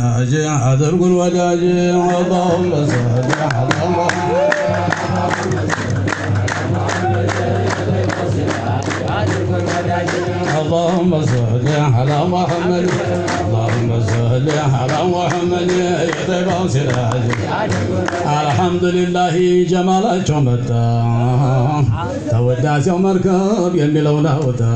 ناجي هذا القول ولاجي اللهم صل على الله اللهم صل على محمد اللهم صل على محمد يا طيب سراج الحمد لله جمال جمدا تودع سيوم مركب يا لو نهودا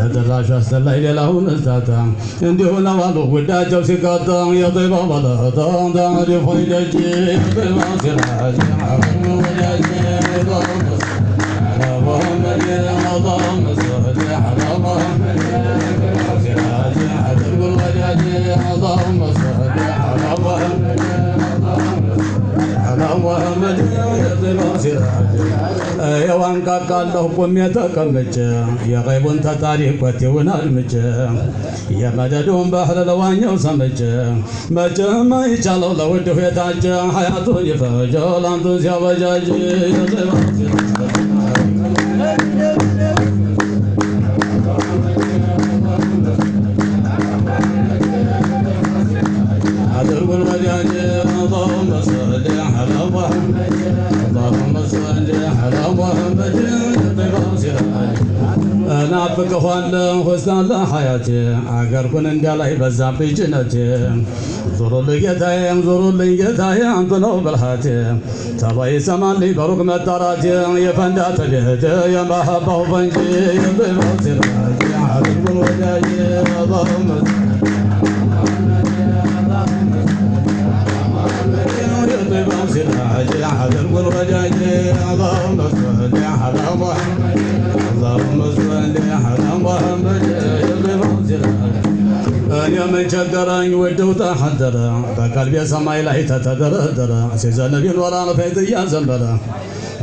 تدرى شاست الليل له نزدادا انديه نوالو ودع جو سيكادا يا طيب بلا دان دان رفوي جاجي طيب سراج اللهم የዋንቃቃለሁ ቆሜ ተቀምጬ የቀይቡን ተጣሪ ኮቴውን አልምጬ የመደዱን ባህር ለዋኘው ሰምጬ መቼም አይቻለው ለውድ ሁታጀ ሀያቱን ይፈጀው ለአንቱ ሲያበጃጅ አድርጉን ወዳጅ አላሁም በሰለህ አላ ናፍቅኋለሁ ሁስታላ ሀያቴ አገርኩን እንዳላይ በዛብኝ ጭነቴ ዙሩልኝ ጌታዬ ዙሩልኝ ጌታዬ አንተ ነው ብልሃቴ ተባይ ሰማልኝ በሩቅ መጠራቴ የፈንዳተ ቤት የማሀባው ፈንጂ የብሎት ራቴ አድርጉን ወዳጄ አላሁ መ الحج عدل والرجاج اللهم صل على محمد اللهم صل على محمد يا من جدر يود وتحدر بقلبي سما إلهي تتدردر عزيز النبي الورى فيد يا زنبرة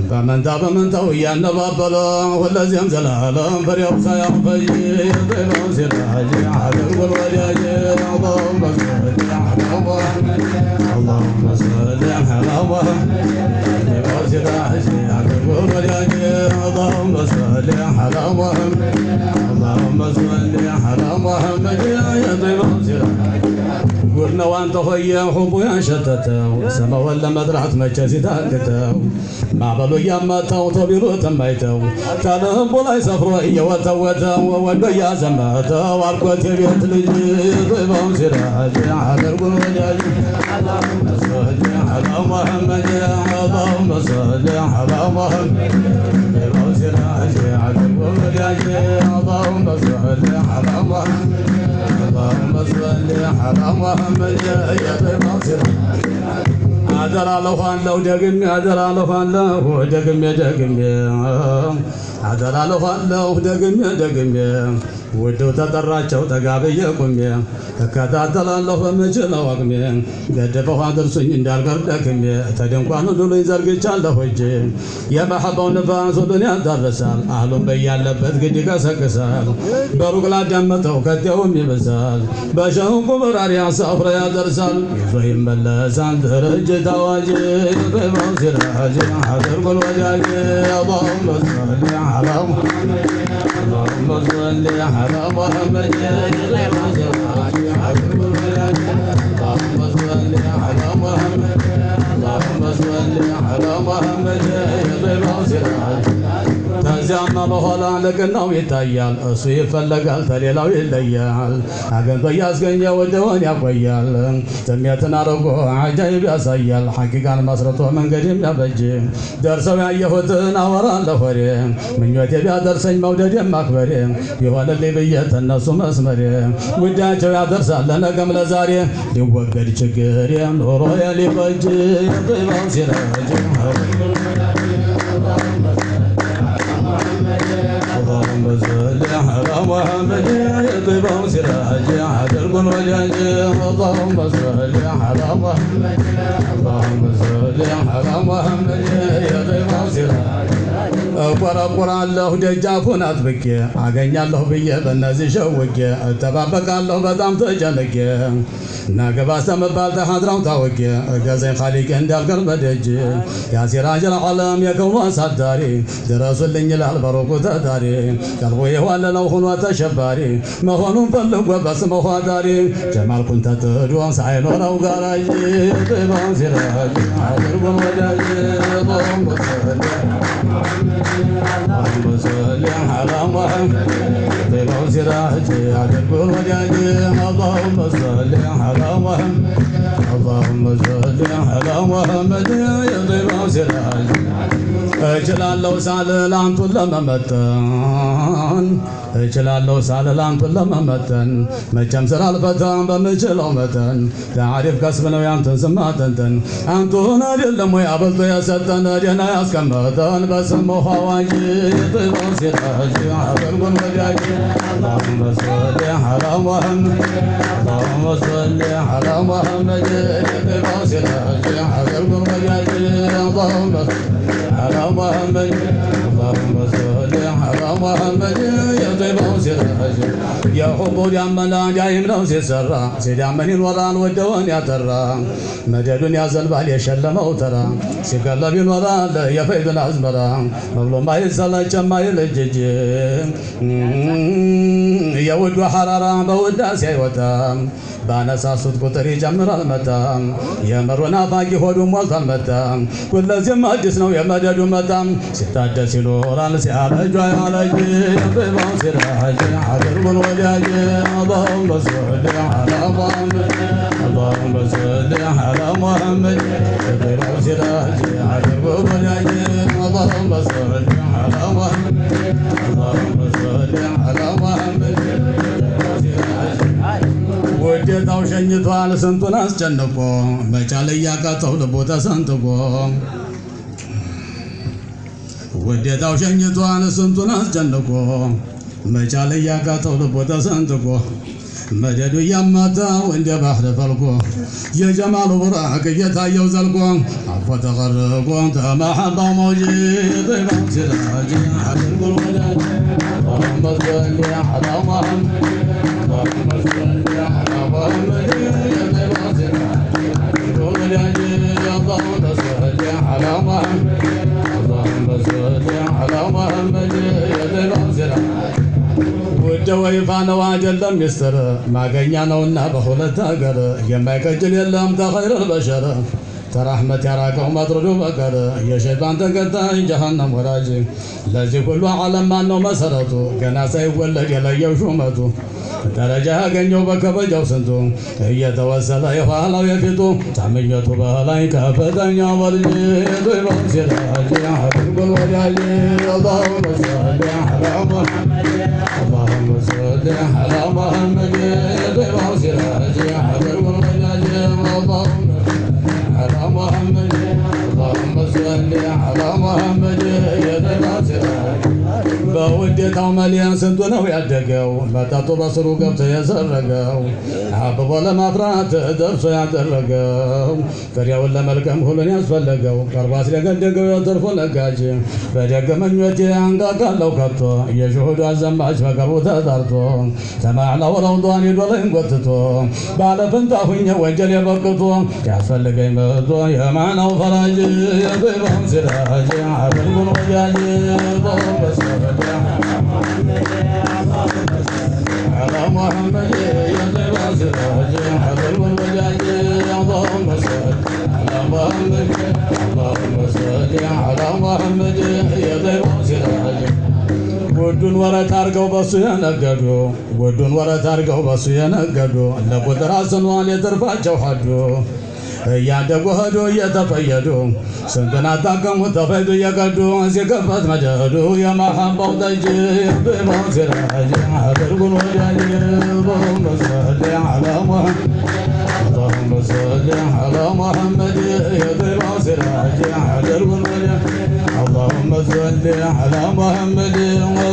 فمن تاب من تو يا نبابل والذي انزل على فريق يا خي يضيف عزيز الحج عدل والرجاج اللهم صل على اللهم صل على محمد اللهم صل على يا طيب الصلاه وان تخيا حب يا شتتا سما ولا مدرعت ما جاسي تاكتا مع بلو يا ما تاو تبيرو تميتو تالهم بولا يا وتا وتا وولو يا زماتا واركو تبيت لجي ضيبهم سراج حضر قولي اللهم صل على محمد اللهم صل على محمد اللهم صل على محمد اللهم صل على محمد يا ابن ناصر አደራለኋለሁ ደግሜ አደራለኋለሁ ደግሜ ደግሜ አደራለኋለሁ ደግሜ ደግሜ ውድው ተጠራቸው ጠጋብዬ ቁሜ እከታተላለሁ በምችለው አቅሜ ገድፈው አድርሱኝ እንዳልቀር ደክሜ ተድንኳን ሁሉን ዘርግቻለሁ እጄ የመሐባው ንፋስ ሁሉን ያዳርሳል አህሉም በያለበት ግድ ይቀሰቅሳል በሩቅ ላዳመጠው ከቴውም ይብሳል በሸንቁ በራሪ አሳፍረ ያደርሳል ይዞ ይመለሳል ድርጅታ واجد بالمنزل هاجم حذر كل وجهك اللهم صل على اللهم صل على محمد اللهم صل على محمد اللهم صل على محمد በፊትና በኋላ ለቀናው ይታያል። እሱ ይፈለጋል ተሌላው ይለያል። አገንቶ ያስገኘ ወደሆን ያቆያል። ትሜትን አርጎ አጃይብ ያሳያል። ሐቂቃን መስረቶ መንገድ ያበጅ ደርሰው ያየሁትን አወራለሁ ወሬ ምኞቴ ቢያደርሰኝ መውደድም ማክበሬ ይሆንልኝ ብዬ ተነሱ መስመሬ ጉዳያቸው ያደርሳል ለነገም ለዛሬ ሊወገድ ችግር ኑሮ ሊበጅ ባው ሲረጅ بسلح روهم جيطب وسراج حدرب وجنج وضهم بسلح روهم اللهم بسلح روهم جيطب እቆረቁራለሁ ደጃፉን አጥብቄ አገኛለሁ ብዬ በእነዚህ ሸውጌ እተባበቃለሁ በጣም ተጨንቄ ናገባ ስተመባል ተሃድራው ታወጌ እገዘኝ ካሊቅ እንዳልቀር በደጅ ያሲራጅል ዓለም የከውኑ አሳዳሪ ድረሱልኝ ይላል በሩቁ ተዳሪ ቀልቡ የዋለለው ሆኖ ተሸባሪ መሆኑን ፈልጎ በስመ ኋዳሪ ጀማልኩን ተትዶን ሳይኖረው ጋራጅ ጥበን ሲራጅ አድርጎን ወዳጅ ቦምቦ اللهم صل على محمد طلع سراجي عدد بالوجاجي اللهم صل على محمد اللهم صل على محمد يطلع سراجي እችላለሁ ሳልል አንቱን ለመመጠን እችላለሁ ሳልል አንቱን ለመመጠን መቼም ስላልፈታም በምችለው መጠን ለአሪፍ ከስብ ነው ያንተን ስም ማጠንጠን አንቱን አይደለም ወይ አበልቶ የሰጠን ደህና ያስቀመጠን በስም ውሃዋጅ የጥበብ ሲራጅ አገልጉን ወዳጅ اللهم صل على محمد اللهم صل على محمد الفاصل حق القرب اللهم صل على محمد اللهم صل على محمد يا طيب وسراج يا جملا جايم سرا سيسرى سيدامن الورى الودون يا ترى مجد يا زلبا يشلم وترى سيقلب الورى يا فيض الازمرى مظلوم ما يسال جما يلجج يود حرارة يا سيوتا بانا ساسود قطري جمر المتا يمرنا هو دوم والتا المتا كل زم حدث نو يمدد متا يا لوران يا على يا بانسر يا حجر يا وجه اللهم صل على محمد اللهم صل على محمد خير سراج على الولاج اللهم صل على محمد اللهم صل على محمد ውዴታው ሸኝቷል ስንቱን አስጨንቆ መቻል እያቃተው ልቡ ተሰንጥቆ ውዴታው ሸኝቷል ስንቱን አስጨንቆ መቻለ እያቃተው ልቦ ተሰንጥቆ መደዱ እያማታ እንደ ባህር ፈልቆ የጀማሉ ብራቅ እየታየው ዘልቆ አፎ ተቀርቆ ተማሐባው መውጅ ጥባሲራጅ አድርጉል ወዳጅ ወረመት ወንዲ አዳማህም عجلتم يستر ما قينا ونا بخول تاجر يما كجل يلام تخير البشر ترحمة يا راكو ما ترجو بكر يا شيطان تقطع جهنم وراجي لازم كل عالم ما نو مسرته كنا سيف ولا جلا يوشومته درجة جنو بك بجو هي توسل يا فالا يا فيتو تعمل يوتو بهالا يا كافتا يا يا حبيب الوجه يا الله يا حبيب الوجه يا الله يا حبيب الوجه سراج يا محمد بوسراج يا በውዴታው መሊያን ስንቱ ነው ያደገው መጠጡ በስሩ ገብቶ የዘረገው አብቦ ለማፍራት ደርሶ ያደረገው ፍሬውን ለመልቀም ሁሉን ያስፈለገው ቀርቧ ሲደገደገው የትርፉ ነጋጅ በደግ ምኞቴ አንጋጋለው ከቶ የሽሁዱ አዘማች በቅርቡ ተጠርቶ ተማዕላው ረውዷን ይዶለኝ ጎትቶ ባለፍንታ ሁኜ ወንጀል የበቅቶ ያስፈልገኝ መቶ የማናው ፈራጅ የዘይባውን ሲራጅ አብልጉን ወጃጅ በሰበዳ ወዱን ወረት አድርገው በሱ የነገዱ ወዱን ወረት አድርገው በሱ የነገዱ ለቁጥር አስኗል የትርፋቸው ሀዱ እያደጉ ሄዱ እየተፈየዱ ስንቱን አጣቀሙ ተፈይዱ እየቀዱ ሲከፈት መደዱ የማሐባው ደጅ ብመው ሲራጅ አድርጉን ወዳጅ اللهم صل على محمد اللهم صل على محمد يا ضيف سراج عدرون اللهم صل على محمد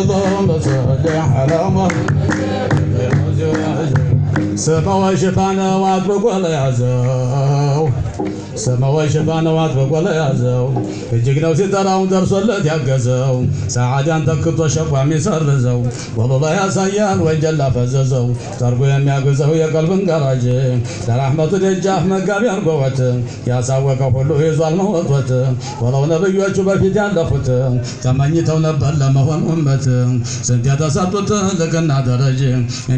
اللهم صل على محمد ስመ ወሽፋነው አጥብቆ ለያዘው ስመ ወሽፋነው አጥብቆ ለያዘው እጅግ ነው ሲጠራውን ደርሶለት ያገዘው ሰዓዳን ተክቶ ሸቋሚ ሰርዘው ወበባ ያሳያን ወንጀል ላፈዘዘው ጠርጎ የሚያግዘው የቀልብን ጋራጅ ለራህመቱ ደጃፍ መጋቢ አንጎበት ያሳወቀ ሁሉ ይዟል መወቶት ወለው ነብዮቹ በፊት ያለፉት ተመኝተው ነበር ለመሆን ውመት ስንት የተሰጡት ልቅና ደረጅ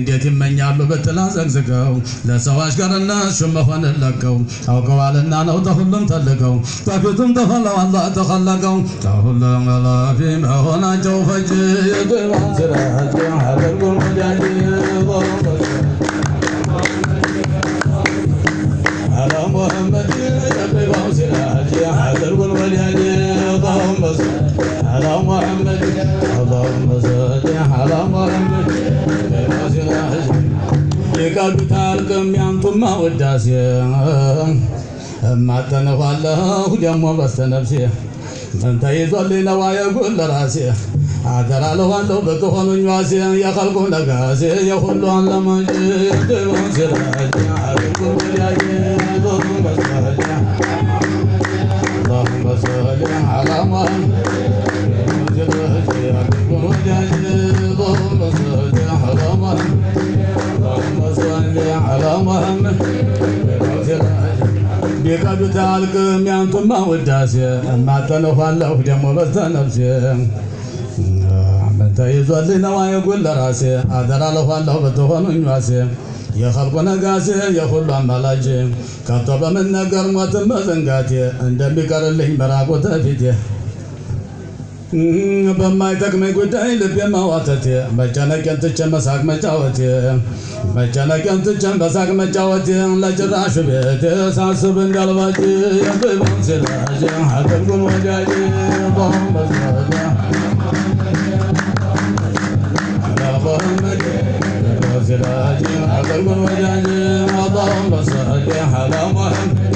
እንዴት ይመኛሉ ብትላዘ ዘግዝገው ለሰዋሽ ቀርና ሽም ሆን ለቀው አውቀዋልና ነው ተሁሉም ተልቀው በፊቱም ተፈለው አላህ ተኸለቀው ተሁሉም ላፊ መሆናቸው ፈጅ የድባን ስራቸው አደርጉ ሙዳጅ على محمد يبقى سراجي حذر والهدي اللهم صل على محمد اللهم صل አላውቅም ያንቱማ ውዳሴ እማጠንኋለሁ ደሞ በስተነፍሴ ምን ነዋየ ጉል ራሴ አደራ ለኋለሁ ዋሴ የኸልቁ ነጋሴ የሁሉ አለመጅድ ሲራጅ አርቁ ያየ ዶሩ በሳጃ اللهم صل على አልቆመም ቢቀዱት አልቅም ያንቱማ ውዳሴ እማጠነኋለሁ ደግሞ በስተነፍሴ ተይዞልኝ ነዋዬ ጉል ለራሴ አደራለኋለሁ በተሆኑኝ ዋሴ የኸልቁ ነጋሴ የሁሉ አማላጅ ከቶ በምን ነገር ሞትን መዘንጋቴ እንደሚቀርልኝ በራቁተ ፊቴ በማይጠቅመኝ ጉዳይ ልቤን ማዋተቴ መጨነቄን ትቼ መሳቅ መጫወቴ መጨነቄን ትቼ በሳቅ መጫወቴ ለጭራሽ ቤቴ ሳስብ እንዳልባጭ የቅበን ሲላጅ አገልጉን ወዳጅ በሆን በስመ محمد وسراج حضر وجاج اللهم صل على محمد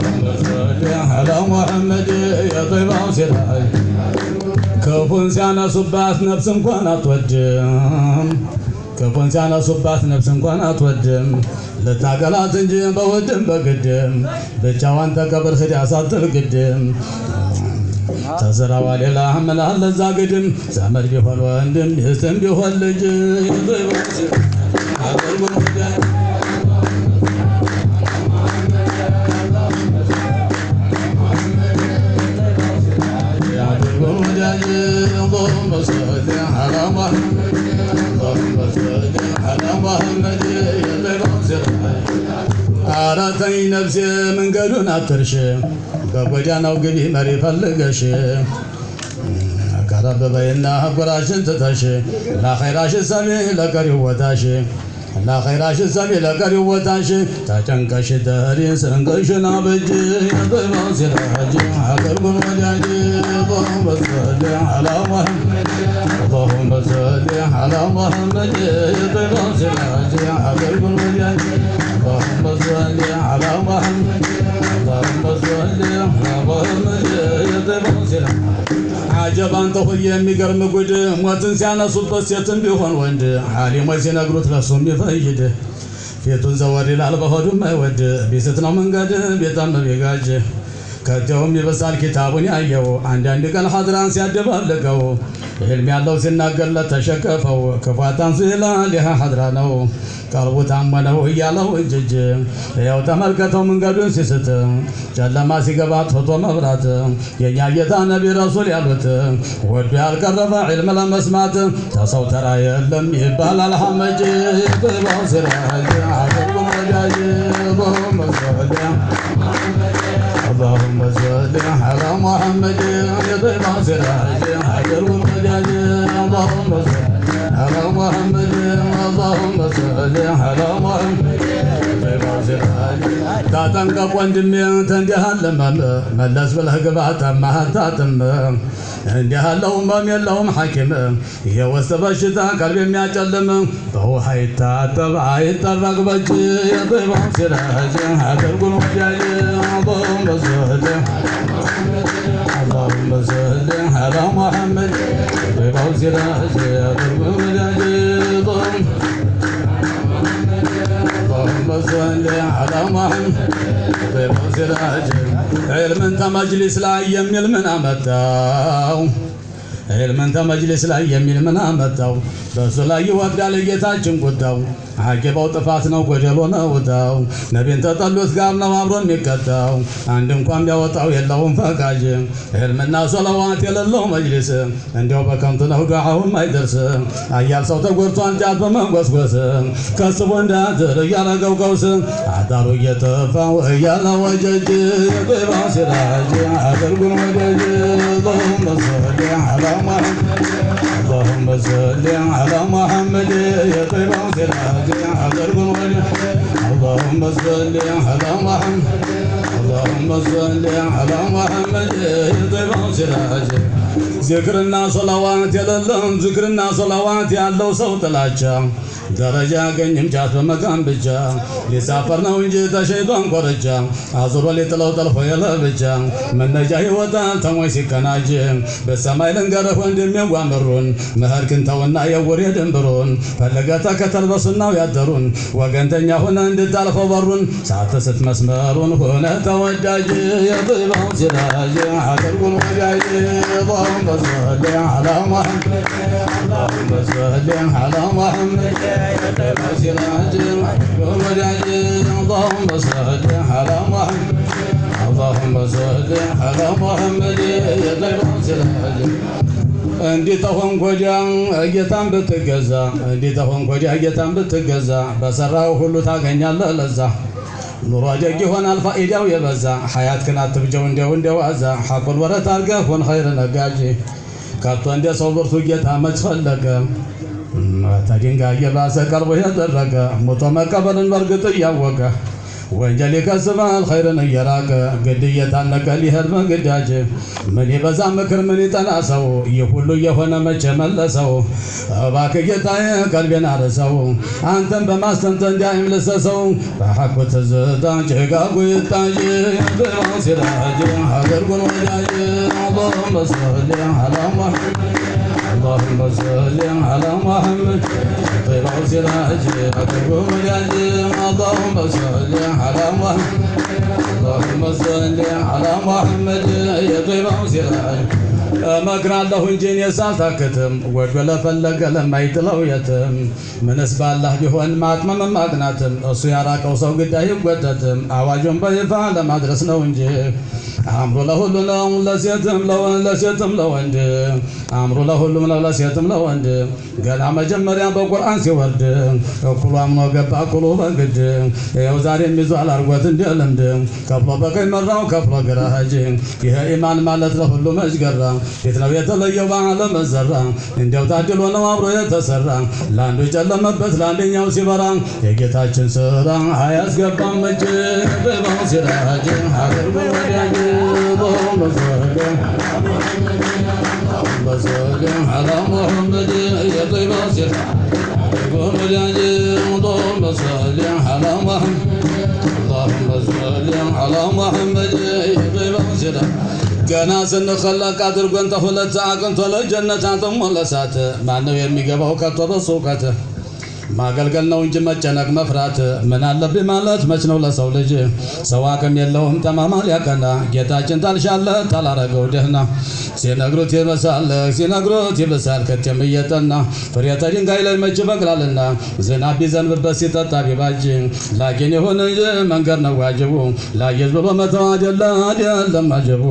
اللهم صل على محمد يا طيب سراج ክፉን ሲያነሱባት ነፍስ እንኳን አትወድም። ክፉን ሲያነሱባት ነፍስ እንኳን አትወድም። ልታገላት እንጂ በውድም በግድም ብቻዋን ተቀብር ሂድ ያሳጥል ግድም ተስራዋ ሌላ ምላል ለዛ ግድም ዘመድ ቢሆን ወንድም ሚስትም ቢሆን ልጅ አራተኝ ነፍሴ መንገዱን አትርሽ፣ በጎዳናው ግቢ መሪ ፈልገሽ አካል አበበይና አጎራሽን ትተሽ ለኸይራሽ ሰሚ ለቀሪው ቦታሽ لا خير اش زميل قال هو تنشي تجنك شداري سنقش نابجي بالموسي راجي حقر من وجاجي اللهم صل على محمد اللهم صل على محمد بالموسي راجي حقر من وجاجي اللهم صل على محمد اللهم صل على محمد بالموسي راجي አጀባን ተሁዬ የሚገርም ጉድ ሞትን ሲያነሱበት ሴትም ቢሆን ወንድ ሐሊሞች ሲነግሩት ለሱ የሚፈይድ ፊቱን ዘወር ይላል በሆዱም አይወድ ቢስት ነው መንገድ ቤታም ቢጋጅ ከቶም ይበዛል ኪታቡን ያየው አንዳንድ ቀን ሀድራን ሲያደባልቀው ህልም ያለው ሲናገርለት ተሸቀፈው ክፋታን ስላ ሊሃ ሀድራ ነው ቀልቡ ታመነው እያለው እጅጅ ያው ተመልከተው መንገዱን ሲስት ጨለማ ሲገባ ቶቶ መብራት የእኛ ጌታ ነቢ ረሱል ያሉት ወዱ ያልቀረበ ዕልም ለመስማት ተሰው ተራ የለም ይባላል ሐመጅ ብባው ስራጅ አዘቡ መዳጅ ቦ መስራጃ اللهم صل على محمد يضيب سراج حجر والمجاج اللهم صل على محمد اللهم صل على محمد ተጠንቀቅ ወንድሜ እንዲህ አለ መለስ ብለህ ግባ ታመህ አታትም። እንዲህ አለውም በም የለውም ሐኪም የውስጥ በሽታ ቀልብ የሚያጨልም በውሃ ይታጠብ አይጠረቅ በጅ የጥበው ሲረጅ አድርጉን ወዳጅ አላሁም በስል አላሁም በስል አላ ሙሐመድ ጥበው ሲረጅ አድርጉን ወዳጅ ደራጀ ዕልምን ተመጅሊስ ላይ የሚል ምን አመጣው ህልምን ተመጅልስ ላይ የሚል ምን አመጣው? በእሱ ላይ ይወርዳል ጌታችን ቁጣው። አቂባው ጥፋት ነው ጎደሎ ነው እጣው። ነቢን ተጠሉት ጋር ነው አብሮ የሚቀጣው። አንድ እንኳን ቢያወጣው የለውም ፈቃጅ ህልምና ሶለዋት የሌለው መጅልስ እንዲያው በከንቱ ነው ዱዓውም አይደርስ። አያል ሰው ተጎድቶ እንጫት በመንጎስጎስ ከስቦ እንዳትር እያረገው ቀውስ አዳሩ እየጠፋው እያለ ወጀጅ ቤባው ሲራጅ አድርጉን ወደጅ اللهم صل على محمد اللهم صل على محمد يا طيب وسلاجي حضر قول اللهم صل على محمد اللهم صل على محمد يا طيب وسلاجي ذكرنا صلوات يا لله ذكرنا صلوات يا الله صوت العشاق ደረጃ ያገኝም ጫት በመቃም ብቻ ሊሳፈር ነው እንጂ ተሸይጧን ኮርቻ አዙሮ ሊጥለው ጠልፎ የለብቻ መነጃ ይወጣል ተሞይ ሲቀናጅ በሰማይ ልንገርህ ወንድም የጓምሩን ምህር ክንተውና የውር ድንብሩን ፈለገ ተከተል በሱናው ያደሩን ወገንተኛ ሁነ እንድታልፈው በሩን ሳትስት መስመሩን ሁነ ተወዳጅ የጥባው ሲራጅ አገርጉን ወዳጅ اللهم صل على محمد اللهم صل سراجنا እንዲህ ተሆን ኮጃ ጌታን ብትገዛ እንዲህ ኮጃ ጌታን ብትገዛ በሰራው ሁሉ ታገኛለህ ለዛ ኑሮ ደግ ይሆናል ፋኢዳው የበዛ ሀያት ክን አትብጀው እንደው እንደዋዛ ሐቁን ወረት አርገህ ሆን ኸይር ነጋጅ ከቶ እንደ ሰው ብርቱ ጌታ መች ፈለገ ድንጋይ የባሰ ቀልቦ የደረቀ ሞቶ መቀበልን በርግጥ እያወቀ ወንጀል ይከስማል ኸይርን እየራቀ ግድ እየታነቀ ሊሄድ በግዳጅ ምን ይበዛ ምክር ምን ይጠና ሰው ይህ ሁሉ የሆነ መቼ መለሰው? እባክህ ጌታዬ ቀልቤን አርሰው አንተን በማስተንተን ዳይም ልሰሰው በሐቁ ትዝታ ጭጋጉ ይታይ ብሮ ሀገር ጉን ወዳጅ አላ ሙሐመድ اللهم صل على محمد غير سراج عدو يديم اللهم صل على محمد اللهم صل على محمد يا غير سراج ما قرالله الجين يزال تاكتم وقل فلق من اسبال الله جهون مات من مقناتم السيارة كوسو قد يبقتتم عواجم بيفان لما درسنا ونجي عمرو له لنا ولا لو ولا سيتم لو عند عمرو له لنا ولا لو عند قال عم جمر يا ابو سي ورد كل عام نو قبا كل وقت يا زاري ميزو على رغوت اند لند بقى مرة وكفلو غراجين يا ايمان مالت له لنا اش የት የተለየው በዓለም መዘራ እንዲያው ታድሎ ነው አብሮ የተሰራ ለአንዱ የጨለመበት ለአንደኛው ሲበራ የጌታችን ስራ አያስገባም እጅ ብባው ሲራጅ ሀገር በወዳጅ በመዘገ ገና ስንኸለቅ አድርጎን ተሁለት አቅንቶ ለጀነት አትሞለሳት ማነው የሚገባው ከቶ በሱ እውቀትህ ማገልገል ነው እንጂ መጨነቅ መፍራት ምን አለብኝ ማለት መች ነው ለሰው ልጅ ሰው አቅም የለውም ጠማማ ሊያቀና ጌታችን ታልሻለ ታላረገው ደህና ሲነግሩት ይበሳል ሲነግሩት ይበሳል ከቴም እየጠና ፍሬተ ድንጋይ ላይ መች ይበቅላልና ዝናብ ቢዘንብበት ሲጠጣ ቢባጅ ላኪን ይሁን እንጂ መንገድ ነው ዋጅቡ ላየዝ ብሎ መተው አይደለም አይደለም አጀቡ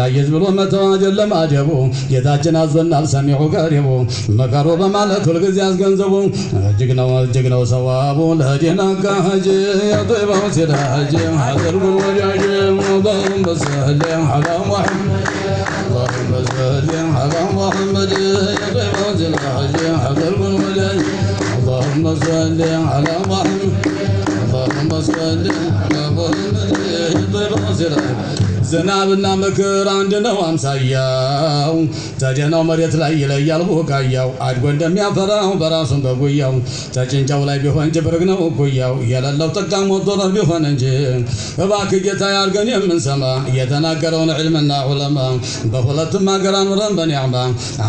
ላየዝ ብሎ መተው አይደለም አጀቡ ጌታችን አዞናል ሰሚዑ ቀሪቡ መከሩ በማለት ሁልጊዜ አስገንዘቡ جقنا جقنا وصواب الهجنا كهجي يطيب وسلاجي حذر بالوجاجي وضم بسهلي حرام محمد اللهم بسهلي حرام محمد يطيب وسلاجي من بالوجاجي اللهم صل على محمد اللهم صل على محمد يطيب وسلاجي ዝናብና ምክር አንድ ነው አምሳያው። ተደህናው መሬት ላይ ይለያል ቡቃያው አድጎ እንደሚያፈራው በራሱን በጉያው ተጭንጫው ላይ ቢሆን ጅብርግ ነው እኩያው የሌለው ጥቃም ወጥቶረት ቢሆን እንጂ እባክ ጌታ ያርገን የምንሰማ የተናገረውን ዕልምና ዑለማ በሁለቱም ሀገር አኑረን በኒዕማ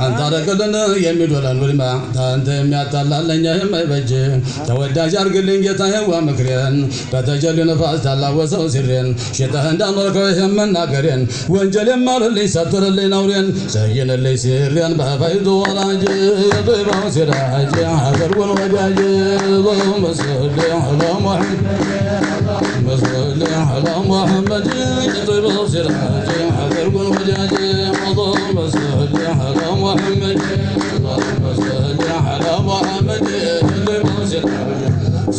አንታረቅልን የሚዶለን ውድማ ታንተ የሚያታላለኛ የማይበጅ ተወዳጅ አርግልኝ ጌታ የዋ ምክሬን በተጀሉ ንፋስ ታላወሰው ሲሬን ሽተህ እንዳኖርከው ይህም نكرين وانجل مر لي ستر لي نورين سيل لي سيرين بابا يدور عجي طيب وسير عجي حذر ضم اللهم صل على محمد اللهم صل على محمد طيب وسير عجي حذر ونوجاجي اللهم صل على محمد اللهم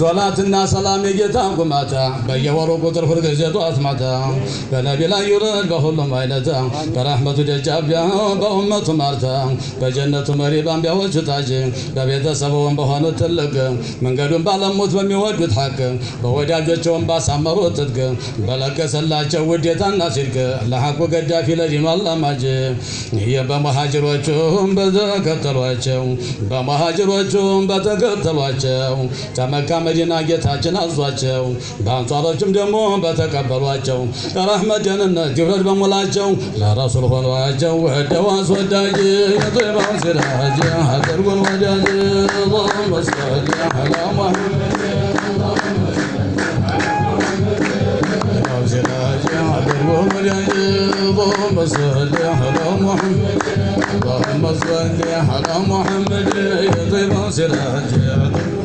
ሶላትና ሰላም የጌታ ጉማታ በየወሩ ቁጥር ሁልጊዜ ጠዋት ማታ በነቢ ላይ ይውረድ በሁሉም አይነታ በረሕመቱ ደጃቢያ በኡመቱ ማርታ በጀነቱ መሪ ባንቢያዎች ታጅ በቤተሰቡን በሆኑት ትልቅ መንገዱን ባለሙት በሚወዱት ሐቅ በወዳጆቸውን ባሳመሩት ትጥቅ በለገሰላቸው ውዴታና ሲድቅ ለሐቁ ገዳፊ ለዲኑ አላማጅ በመሃጅሮቹም በተከተሏቸው በመሃጅሮቹም በተከተሏቸው ተመካ መዲና ጌታችን አዟቸው በአንጻሮችም ደግሞ በተቀበሏቸው ረሕመት ደህንነት ይውረድ በሙላቸው ለረሱል ሆኗቸው ወደው አስወዳጅ የጥበብ ሲራጅ አድርጉን ወዳጅ اللهم صل على محمد اللهم صل على محمد اللهم صل على محمد يا طيب سراج